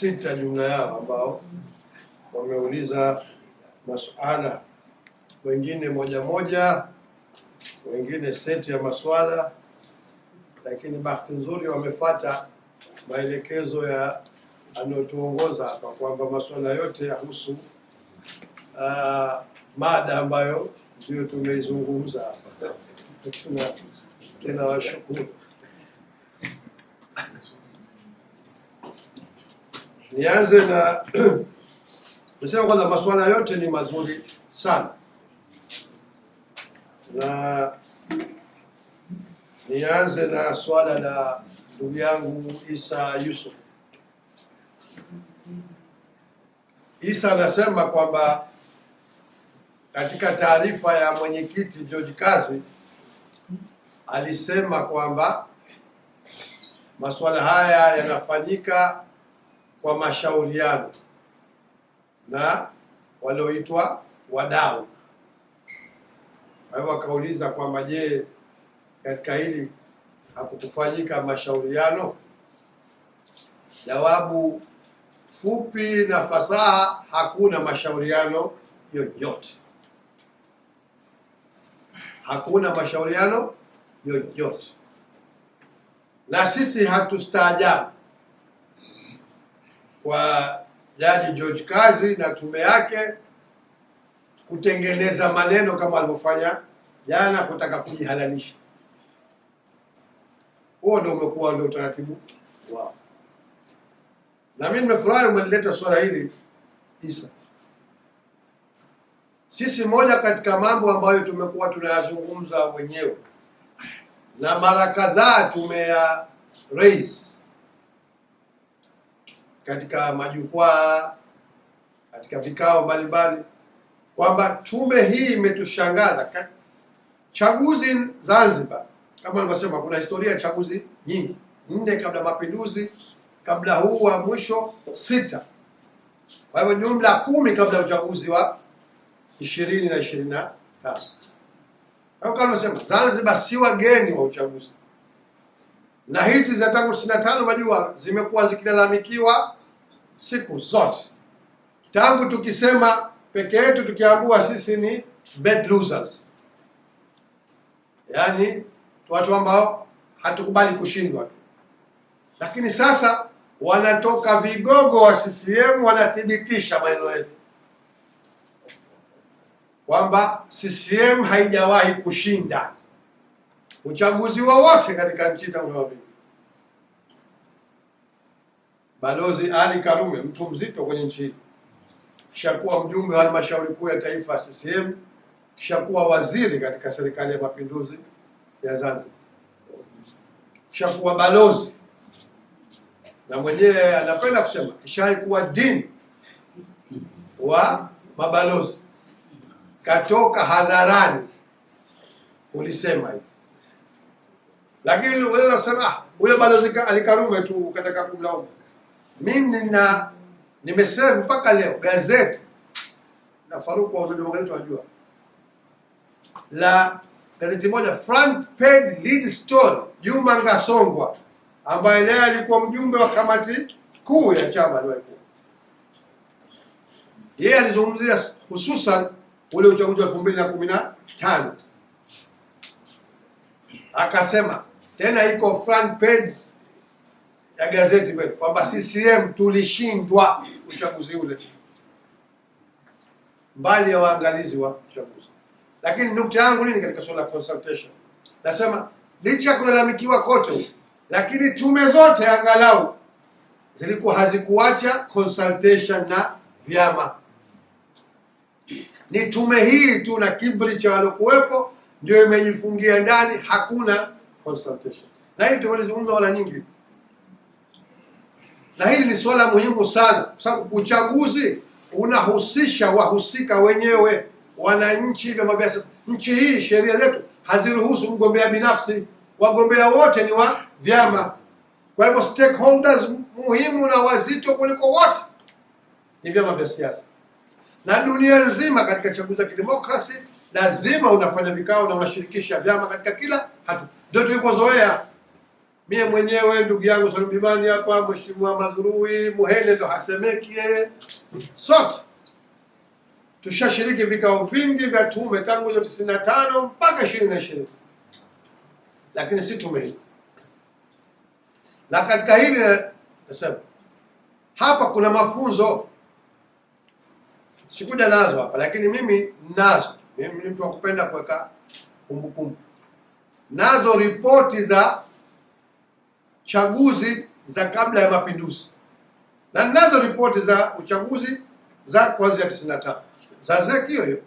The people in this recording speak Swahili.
sita jumla yao ambao wameuliza masuala, wengine moja moja, wengine seti ya maswala, lakini bahati nzuri wamefata maelekezo ya anayotuongoza hapa kwamba masuala yote yahusu uh, ah, mada ambayo ndio tumeizungumza hapa. Tunawashukuru. Nianze na nisema kwanza, masuala yote ni mazuri sana, na nianze na swala la ndugu yangu Isa Yusuf. Isa anasema kwamba katika taarifa ya mwenyekiti George Kazi alisema kwamba masuala haya yanafanyika kwa mashauriano na walioitwa wadau. Kwa hivyo akauliza kwamba je, katika hili hakukufanyika mashauriano? Jawabu fupi na fasaha, hakuna mashauriano yoyote, hakuna mashauriano yoyote, na sisi hatustaajabu kwa Jaji George Kazi na tume yake kutengeneza maneno kama alivyofanya jana, kutaka kujihalalisha. Huo ndio umekuwa ndio utaratibu wao, na mimi nimefurahi umelileta swala hili Isa. Sisi moja katika mambo ambayo tumekuwa tunayazungumza wenyewe na mara kadhaa tumeya raise katika majukwaa, katika vikao mbalimbali kwamba tume hii imetushangaza. Chaguzi Zanzibar, kama nilivyosema, kuna historia ya chaguzi nyingi, nne kabla mapinduzi, kabla huu wa mwisho sita, kwa hivyo jumla kumi kabla ya uchaguzi wa ishirini na ishirini na tatu. Kama nilivyosema, Zanzibar si wageni wa uchaguzi na hizi za tangu tisini na tano najua zimekuwa zikilalamikiwa siku zote, tangu tukisema peke yetu tukiambua sisi ni bad losers, Yani watu ambao hatukubali kushindwa tu, lakini sasa wanatoka vigogo wa CCM wanathibitisha maneno yetu kwamba CCM haijawahi kushinda uchaguzi wowote katika nchi tangu Balozi Ali Karume, mtu mzito kwenye nchi hii, kisha kuwa mjumbe wa halmashauri kuu ya taifa CCM, kisha kuwa waziri katika serikali ya mapinduzi ya Zanzibar, kisha kuwa balozi na mwenyewe anapenda kusema kishawahi kuwa dean wa mabalozi, katoka hadharani kulisema hivi. Lakini wewe unasema ah, ule balozi alikarume tu kataka kumlaumu. Mimi na nimeserve mpaka leo gazeti na Faruku wa Uzalendo Magazeti wanajua la gazeti moja front page lead story Juma Ngasongwa ambaye naye alikuwa mjumbe wa kamati kuu ya chama alikuwa yeye alizungumzia hususan ule uchaguzi wa 2015 akasema tena iko front page ya gazeti kwamba CCM tulishindwa uchaguzi ule, mbali ya waangalizi wa uchaguzi. Lakini nukta yangu nini katika suala la consultation, nasema licha ya kulalamikiwa kote, lakini tume zote angalau zilikuwa hazikuacha consultation na vyama. Ni tume hii tu na kiburi cha waliokuwepo ndio imejifungia ndani, hakuna concentration. Na hili tulizungumza mara nyingi, na hili ni swala muhimu sana, kwa sababu uchaguzi unahusisha wahusika wenyewe, wananchi, vyama vya siasa. Nchi hii sheria zetu haziruhusu mgombea binafsi, wagombea wote ni wa vyama. Kwa hivyo stakeholders muhimu na wazito kuliko wote ni vyama vya siasa, na dunia nzima katika chaguzi za kidemokrasi lazima unafanya vikao na unashirikisha vyama katika kila hatua ndio tulikozoea. Mie mwenyewe ndugu yangu Salimimani hapa, mheshimiwa Mazurui Muhene ndo hasemeki yeye, sote tushashiriki vikao vingi vya tume tangu hizo tisini na tano mpaka ishirini na ishirini lakini si tume hii. Na katika hili nasema hapa kuna mafunzo sikuja nazo hapa, lakini mimi nazo. Mimi ni mtu wa kupenda kuweka kumbukumbu nazo ripoti za chaguzi za kabla ya mapinduzi na nazo ripoti za uchaguzi za ya 95 sasa hiyo hiyo